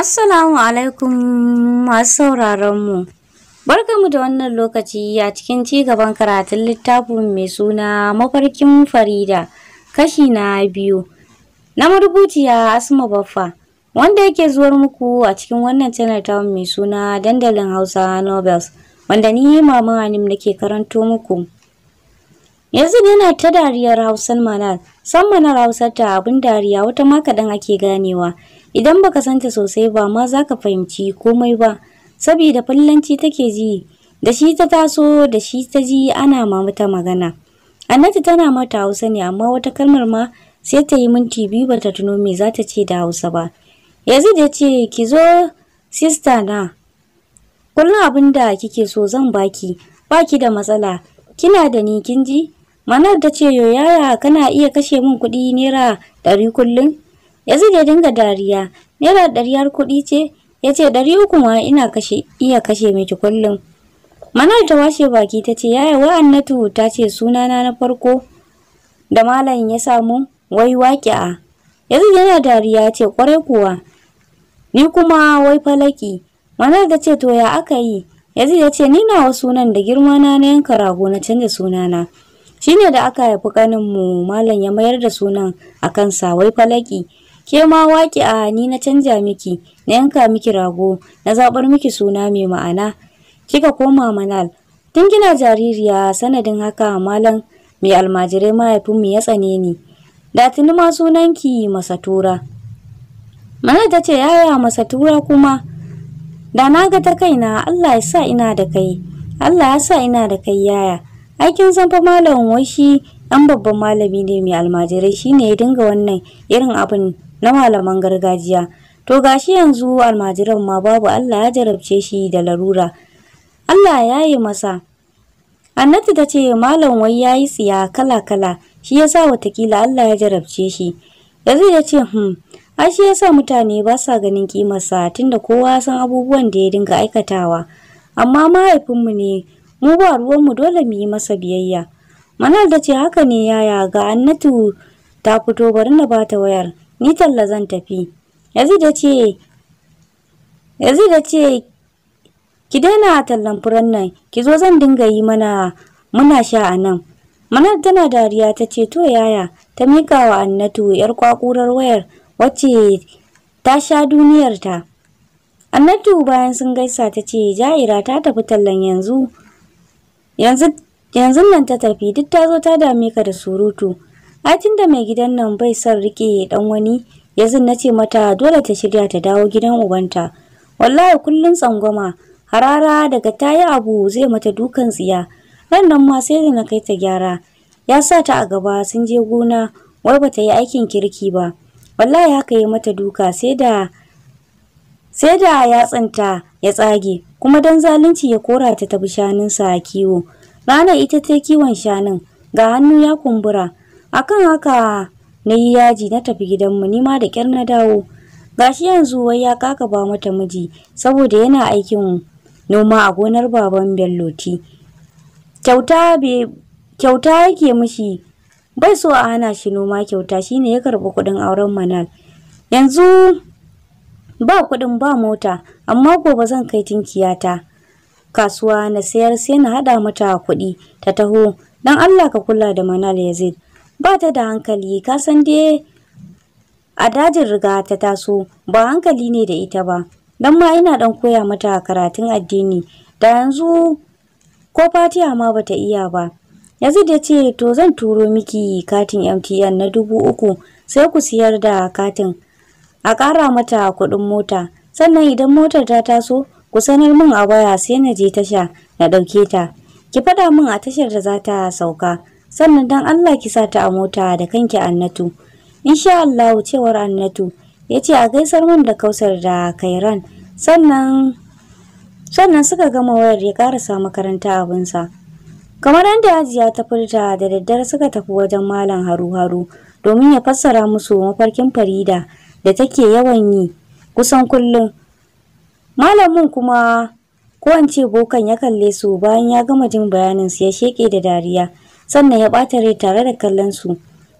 Assalamu alaikum masu mu. Barka mu da wannan lokaci a cikin ci gaban karatun littafin mai suna mafarkin Farida, kashi na biyu. Na marubuciya Asma Baffa, wanda yake zuwar muku a cikin wannan channel ta mai suna dandalin Hausa Nobels, wanda ni Mama Anim nake karanto muku. Yanzu yana ta dariyar Hausan Manal, san Manal Hausar ta abin dariya wata makaɗan ake ganewa. Idan baka santa sosai ba ma za ka fahimci komai ba, saboda fallanci take ji, da shi ta taso da shi ta ji ana ma mata magana. Anatu tana mata Hausa ne amma wata kalmar ma sai ta yi minti biyu ba ta tuno me za ta ce da Hausa ba. Yanzu da ce ki zo sista na. Kullum abin da kike so zan baki, baki da matsala, kina da ni kin ji? Manar ta ce yo yaya kana iya kashe min kuɗi naira ɗari kullum? Yazid ya dinga dariya. Naira har kuɗi ce? Ya ce ɗari uku ma ina kashe iya kashe miki kullum. Manar ta washe baki ta ce yaya wa Annatu ta ce sunana na farko da malam ya samu wai waƙi'a. Yanzu yana dariya ce kwarai kuwa. Ni kuma wai falaki. Manar ta ce to ya aka yi? Yanzu ya ce ni nawa sunan da girma na na yanka rago na canza sunana. Shine da aka haifi kanin mu malam ya mayar da sunan a kansa wai falaki. Ke ma waki a ni na canja miki, na yanka miki rago, na zaɓar miki suna mai ma'ana. Kika koma manal. Tun gina jaririya sanadin haka malam mai almajirai mu ya tsane ni. Da tuni ma sunanki Masatura. Mana ta ce yaya Masatura kuma da na ga ta kaina Allah ya sa ina da kai. Allah ya sa ina da kai yaya. Aikin san fa malam wai shi dan babban malami ne mai almajirai shine ya dinga wannan irin abin na malaman gargajiya to gashi yanzu almajiran ma babu Allah ya jarabce shi da larura Allah ya yi masa Annatu ta ce malam wai ya yi tsiya kala-kala shi ya sa watakila Allah ya jarabce shi yanzu ya ce hmm ai shi ya sa mutane ba sa ganin kimarsa tunda kowa san abubuwan da ya dinga aikatawa amma mahaifinmu ne mu ba ruwanmu dole mu yi masa biyayya Manal da ce haka ne yaya ga Annatu ta fito bari na bata wayar ni talla zan tafi yazid ya ce yazid ya ce ki daina tallan furen nan ki zo zan dinga yi mana muna sha a nan manar tana dariya ta ce to yaya ta mika wa annatu yar kwakurar wayar wacce ta sha duniyar ta? annatu bayan sun gaisa ta ce jaira ta tafi tallan yanzu yanzu yanzu nan ta tafi duk ta zo ta dame ka da surutu ai da mai gidan nan bai son rike dan wani yanzu na ce mata dole ta shirya ta dawo gidan ubanta wallahi kullun tsangwama harara daga tayi abu zai mata dukan tsiya ran nan ma sai da na kai ta gyara ya sa ta a gaba sun je gona wai bata yi aikin kirki ba wallahi haka yi mata duka sai da sai da yatsanta ya tsage kuma dan zalunci ya kora ta tafi shanun a kiwo ranar ita ta kiwon shanun ga hannu ya kumbura akan haka na yi yaji na tafi gidanmu nima da ƙyar na dawo gashi yanzu wai ya kaka ba mata miji saboda yana aikin noma a gonar baban belloti kyauta kyauta yake mishi bai so a hana shi noma kyauta shine ya karɓi kuɗin auren manal yanzu ba kuɗin ba mota amma gobe zan kai tinkiyata kasuwa na sayar sai na haɗa mata kuɗi ta taho don allah ka kula da manal yazid ba ta da hankali ka san dai a dajin riga ta taso ba hankali ne da ita ba dan ma ina dan koya mata karatun addini da yanzu ko fatiya ma bata iya ba yanzu da ce to zan turo miki katin MTN na dubu uku sai ku siyar da katin a ƙara mata kuɗin mota sannan idan motar ta taso ku sanar min a waya sai na je tasha na ɗauke ta ki faɗa min a tashar da za ta sauka sannan dan Allah ki sa ta a mota da kanki Annatu insha Allah cewar Annatu yace a gaisar mun da Kausar da Kairan sannan sannan suka gama wayar ya karasa makaranta abin sa kamar yadda Hajiya ta furta da daddare suka tafi wajen Malam Haru Haru domin ya fassara musu mafarkin Farida da take yawan yi kusan kullum malamin kuma ko in ce bokan ya kalle su bayan ya gama jin bayanin su ya sheke da dariya sannan ya ɓata rai tare da kallon su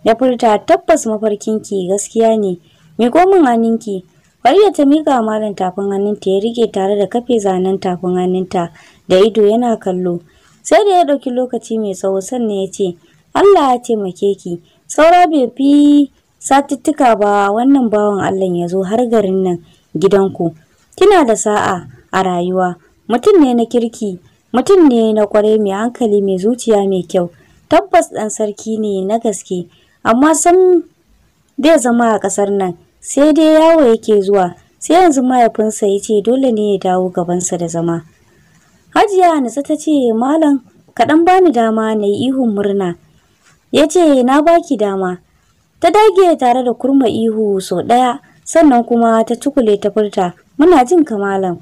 ya furta tabbas ki, gaskiya ne miƙo min hannunki Fariya ta miƙa malam tafin ta ya rike tare da kafe zanen tafin hannunta da ido yana kallo sai da ya ɗauki lokaci mai tsawo sannan ya ce Allah ya taimake ki saura bai fi satuttuka ba wannan bawan Allah ya zo har garin nan gidan ku. kina da sa'a a rayuwa mutum ne na kirki mutum ne na kwarai mai hankali mai zuciya mai kyau tabbas ɗan sarki ne na gaske amma san zai zama a ƙasar nan sai dai yawo yake zuwa sai yanzu mahaifinsa ya ce dole ne ya dawo gabansa da zama hajiya hanisa ta ce malam kaɗan ba ni dama na yi ihun murna ya ce na baki dama ta dage tare da kurma ihu sau ɗaya sannan kuma ta cukule ta furta muna jin ka malam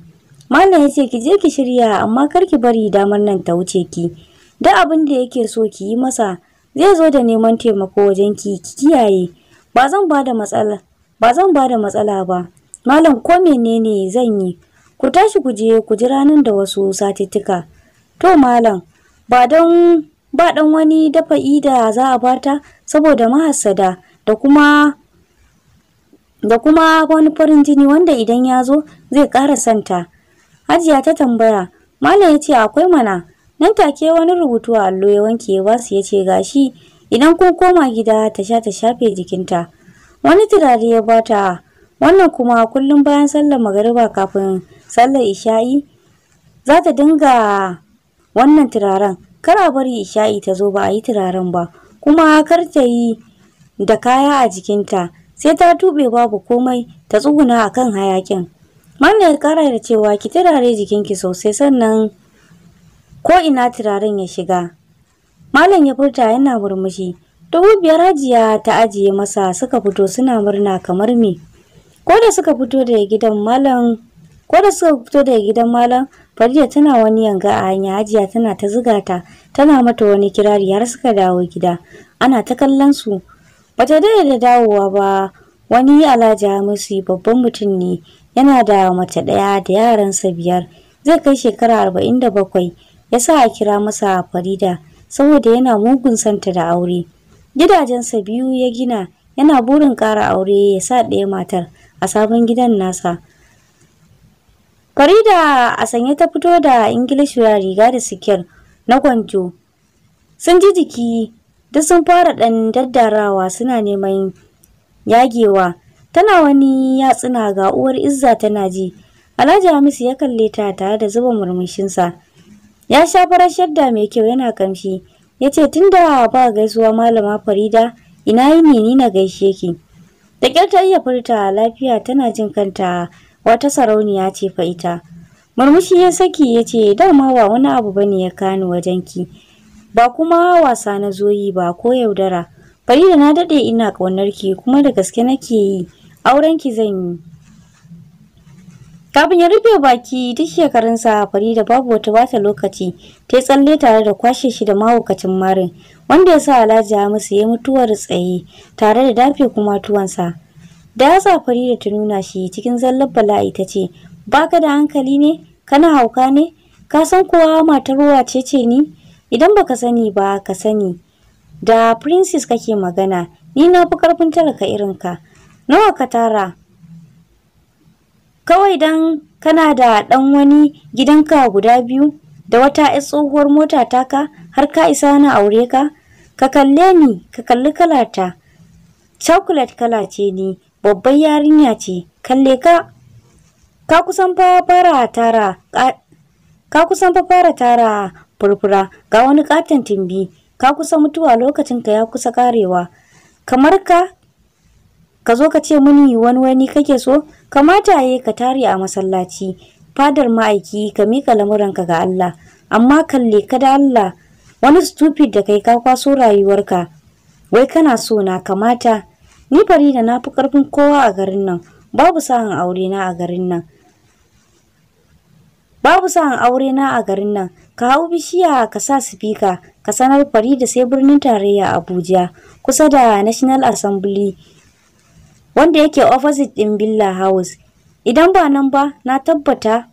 malam ya ce ki je ki shirya amma kar ki bari damar nan ta wuce ki duk abin da yake so ki yi masa zai zo da neman taimako wajen ki kiyaye ba zan ba da matsala ba zan ba da matsala ba malam ko menene zan yi ku tashi ku je ku ji ranar da wasu satittika to malam ba don ba dan wani dafa da za a bata saboda mahassada da kuma da kuma wani farin jini wanda idan ya zo zai ƙara santa. Hajiya ta tambaya, Malam ya ce akwai mana, Nan take wani rubutu a allo ya wanke ya basu ya ce gashi idan kun koma gida ta sha ta shafe jikinta. Wani turare ya bata wannan kuma kullum bayan sallar magariba kafin sallar isha'i za ta dinga wannan turaren kar a bari isha'i ta zo ba a yi turaren ba kuma kar ta yi da kaya a jikinta sai ta tube babu komai ta tsuguna akan hayakin. Mamiyar kara da cewa ki turare jikinki sosai sannan ko ina turaren ya shiga. Malam ya furta yana murmushi. Dubu biyar hajiya ta ajiye masa suka fito suna murna kamar me. Ko da suka fito daga gidan malam ko da suka fito daga gidan malam Farida tana wani yanga a hanya hajiya tana ta ziga ta tana mata wani kirari har suka dawo gida. Ana ta kallon su. Bata daɗe da dawowa ba wani alhaji Hamisu babban mutum ne yana da mace ɗaya da yaransa biyar zai kai shekara arba'in da bakwai. ya sa a kira masa Farida saboda yana mugun santa da aure. Gidajensa biyu ya gina yana burin ƙara aure ya sa ɗaya matar a sabon gidan nasa. Farida a sanye ta fito da Ingilishiyar riga da sikir na gwanjo. Sun ji jiki duk sun fara ɗan daddarawa suna neman yagewa. Tana wani yatsuna ga uwar Izza tana ji. Alhaji Hamisu ya kalle ta tare da zuba murmushinsa. Ya sha farar shadda mai kyau yana kamshi. Ya ce tun da ba gaisuwa malama Farida ina yi ni na gaishe ki. Da ƙyar ta iya furta lafiya tana jin kanta wata sarauniya ce fa ita. Murmushi ya saki ya ce dama ba wani abu bane ya kani wajen ki. Ba kuma wasa na zoyi ba ko yaudara. Farida na daɗe ina ƙaunarki kuma da gaske nake yi aurenki zan yi. Kafin ya rufe baki duk shekarunsa da babu wata bata lokaci ta tsalle tare da kwashe shi da mahaukacin marin wanda ya sa Alhaji Hamisu ya mutuwar tsaye tare da dafe kuma tuwansa. Da sa Farida ta nuna shi cikin zallar bala'i ta ce ba ka da hankali ne kana hauka ne ka san kowa matar wace ce ni idan baka sani ba ka sani da princess kake magana ni na fi karfin talaka irinka nawa ka tara kawai don kana da ɗan wani gidanka guda biyu da wata 'yar tsohuwar mota ka, har ka isa na aure ka ka kalle ni ka kalli kalata chocolate kala ce ni babbar yarinya ce kalle ka ka kusan fa fara tara ka kusan fa fara tara furfura ga wani katon timbi ka kusa mutuwa lokacin ka ya kusa karewa kamar ka ka zo ka ce mini wani wani kake so Kamata ya ka tare a masallaci, fadar ma'aiki ka miƙa lamuranka ga Allah, amma kalle ka da Allah wani stupid da kai ka kwaso rayuwarka. Wai kana so na kamata, ni bari na fi ƙarfin kowa a garin nan, babu sa'an aure na a garin nan. Babu sa'an aure na a garin nan, ka hau bishiya ka sa speaker ka sanar fari da sai birnin tarayya Abuja, kusa da National Assembly. wanda yake opposite ɗin Villa House. Idan ba nan ba, na tabbata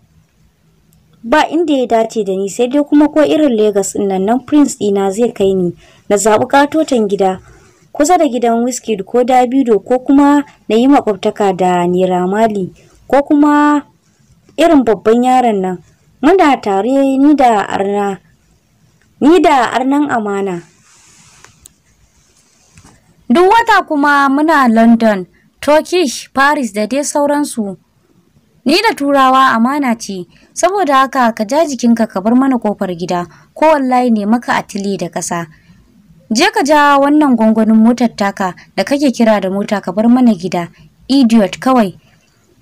ba inda ya dace da ni sai dai kuma ko irin Lagos ɗin nan nan Prince ɗina zai kai ni na zaɓi katotan gida kusa da gidan Wizkid ko Davido ko kuma na yi makwabtaka da Naira Mali ko kuma irin babban yaron nan muna tare ni da arna ni da arnan amana duk wata kuma muna London Turkish, Paris da dai sauransu. Ni da Turawa amana ce, saboda haka ka ja jikinka ka bar mana kofar gida, ko wallahi ne maka atile da ƙasa. Je ka ja wannan gwangwanin motar taka da kake kira da mota ka bar mana gida, idiot kawai.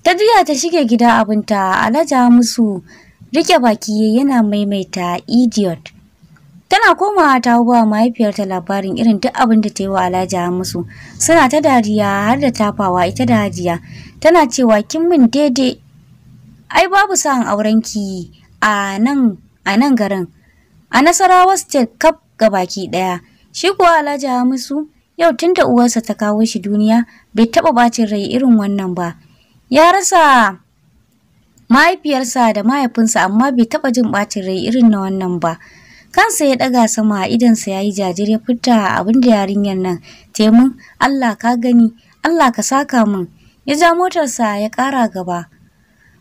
Ta juya ta shige gida abinta, alaja musu rike baki yana maimaita idiot. Tana komawa ta ba mahaifiyarta labarin irin duk abin da ta yi wa Alhaji Hamisu. Suna ta dariya har da tafawa ita da Hajiya. Tana cewa kin min daidai. Ai babu sa'an aurenki a nan a nan garin. A Nasarawa State Cup baki ɗaya. Shi kuwa Alhaji Hamisu yau tun da uwarsa ta kawo shi duniya bai taɓa bacin rai irin wannan ba. Ya rasa mahaifiyarsa da mahaifinsa amma bai taba jin bacin rai irin na wannan ba. kansa ya ɗaga sama a idonsa ya yi jajir ya fita abin da yarinyar nan taimun allah ka gani allah ka saka min ya ja motarsa ya ƙara gaba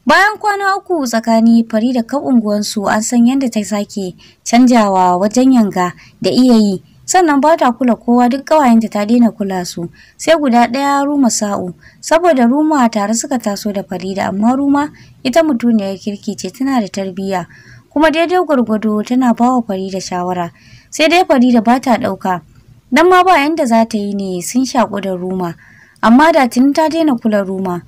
bayan kwana uku tsakani fari da kan unguwansu an san yadda ta sake canjawa wajen yanga da iya yi sannan ba ta kula kowa duk ƙawayenta ta daina kula su sai guda ɗaya ruma sa'u saboda ruma tare suka taso da farida amma ruma ita mutuniyar kirki ce tana da tarbiyya kuma daidai gwargwado tana ba wa da shawara sai dai Farida ba ta ɗauka dan ma ba yanda za ta yi ne sun shaku da Ruma amma da tun ta daina kula Ruma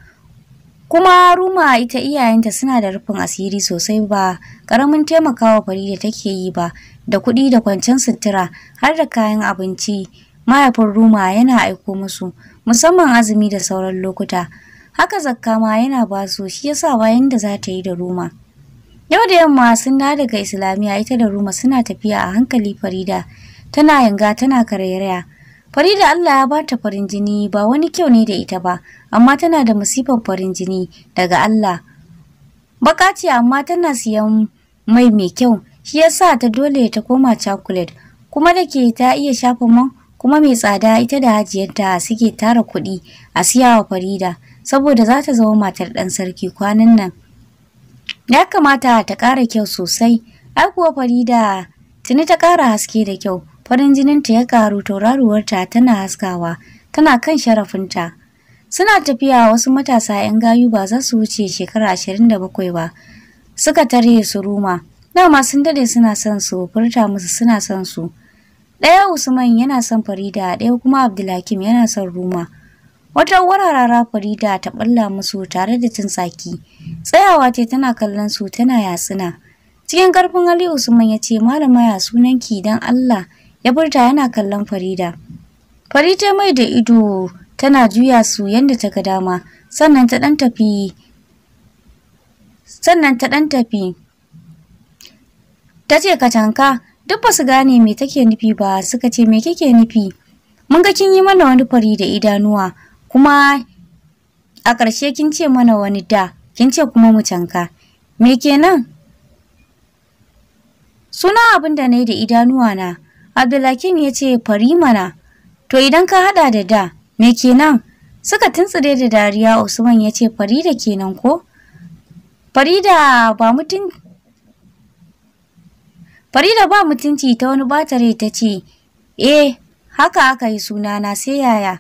kuma Ruma ita iyayenta suna da rufin asiri sosai ba ƙaramin taimakawa fari da take yi ba da kuɗi da kwancen sutura har da kayan abinci mahaifin Ruma yana aiko musu musamman azumi da sauran lokuta haka zakka ma yana su, shi yasa bayan da za ta yi da Ruma Yau da yamma sun na daga Islamiyya ita da Ruma suna tafiya a hankali Farida tana yanga tana karairaya. Farida Allah ya bata farin jini ba wani kyau ne da ita ba amma tana da masifar farin jini daga Allah. Baka amma tana siyan mai mai kyau shi yasa ta dole ta koma chocolate kuma da ke ta iya shafa man kuma mai tsada ita da hajiyarta suke tara kuɗi a siyawa Farida saboda za ta zama matar ɗan sarki kwanan nan. Ya kamata ta ƙara kyau sosai, ai kuwa Farida tuni ta ƙara haske da kyau, farin jininta ya ƙaru tauraruwarta tana haskawa, tana kan sharafinta. Suna tafiya wasu matasa 'yan gayu ba za su wuce shekara ashirin da bakwai ba, suka tare su ruma, dama sun dade suna son su furta musu suna son su. Ɗaya Usman yana son Farida, ɗaya kuma Abdulhakim yana son Ruma. Wata wararara Farida ta balla musu tare da jin tsaki. Tsayawa ce tana kallon su tana yatsuna. Cikin karfin Ali Usman ya ce malama ya sunan ki dan Allah ya furta yana kallon Farida. Farida mai da ido tana juya su yadda ta ga dama sannan ta dan tafi sannan ta dan tafi ta ce katanka duk ba su gane me take nufi ba suka ce me kike nufi mun ga kin yi mana wani fari da idanuwa kuma a ƙarshe kin ce mana wani da kin ce kuma mu canka me kenan suna abin da na yi da idanuwa na ya ce fari mana to idan ka haɗa da da me kenan suka tuntsire da dariya usman ya ce farida kenan ko farida ba mutum farida ba mutunci ta wani batare ta ce eh haka aka yi sunana sai yaya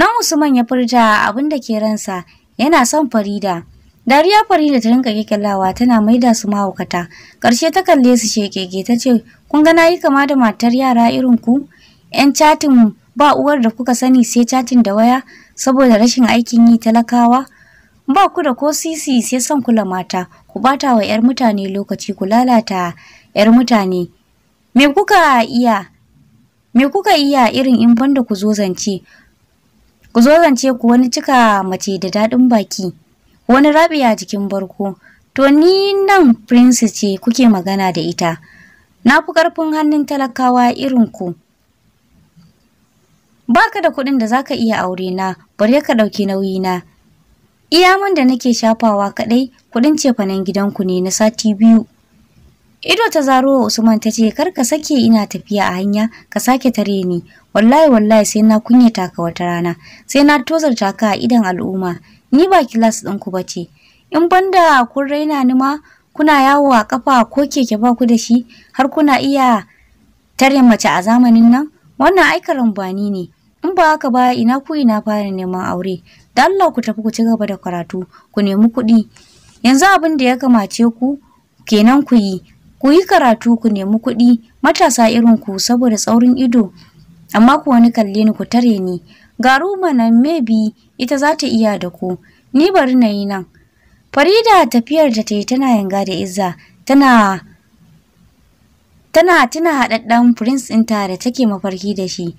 Nan Usman ya furta abin da ke ransa yana son Farida. Dariya Farida ta rinka kekelawa tana maida su mahaukata. Karshe ta kalle su shekeke ta ce, "Kun ga nayi kama da matar yara irin ku? 'Yan chatin ba uwar da kuka sani sai chatin da waya saboda rashin aikin yi talakawa. Ba ku da ko sisi sai son kula mata, ku bata wa 'yar mutane lokaci ku lalata 'yar mutane. Me kuka iya? Me kuka iya irin in banda ku zo zance? Ku zo zance ku wani cika mace da daɗin baki, wani rabiya jikin barko. To ni nan Prince ce kuke magana da ita. Na fi ƙarfin hannun talakawa irin ku. Baka da kuɗin da za ka iya aure na, bari ka ɗauki nauyi na. Iya mun da nake shafawa kaɗai kuɗin cefanen gidanku ne na sati biyu. Ido ta zaro Usman ta ce kar ka sake ina tafiya a hanya ka sake tare ni wallahi wallahi sai na kunyata ka wata rana sai na tozarta ka a idan al'umma ni ba kilas ɗin ku bace in banda kun raina ni ma kuna yawo a kafa ko keke ba ku da shi har kuna iya tare mace a zamanin nan wannan ai karambani ne in ba haka ba ina ku ina fara neman aure da Allah ku tafi ku ci gaba da karatu ku nemi kuɗi yanzu abin da ya kamace ku kenan ku yi ku yi karatu ku nemi kuɗi matasa irin ku saboda tsaurin ido amma ku wani kalle ni ku tare ni garu mana maybe ita za ta iya da ku ni bari na yi nan farida tafiyar da ta yi tana yanga da izza tana tana tuna haɗaɗɗen prince ɗinta da take mafarki da shi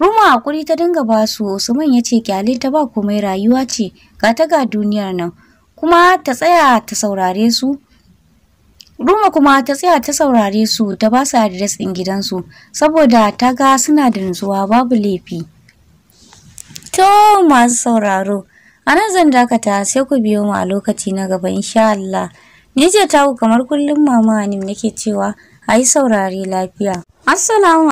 Ruma hakuri ta dinga ba su Usman ya ce kyale ta ba komai rayuwa ce ga ta ga duniyar nan kuma ta tsaya ta saurare su Ruma kuma ta tsaya ta saurare su ta ba su adres ɗin gidansu saboda ta ga suna da nutsuwa babu laifi. To masu sauraro, a nan zan dakata sai ku biyo mu a lokaci na gaba insha Allah. Ni ce taku kamar kullum mama Anim nake cewa a yi saurare lafiya. Assalamu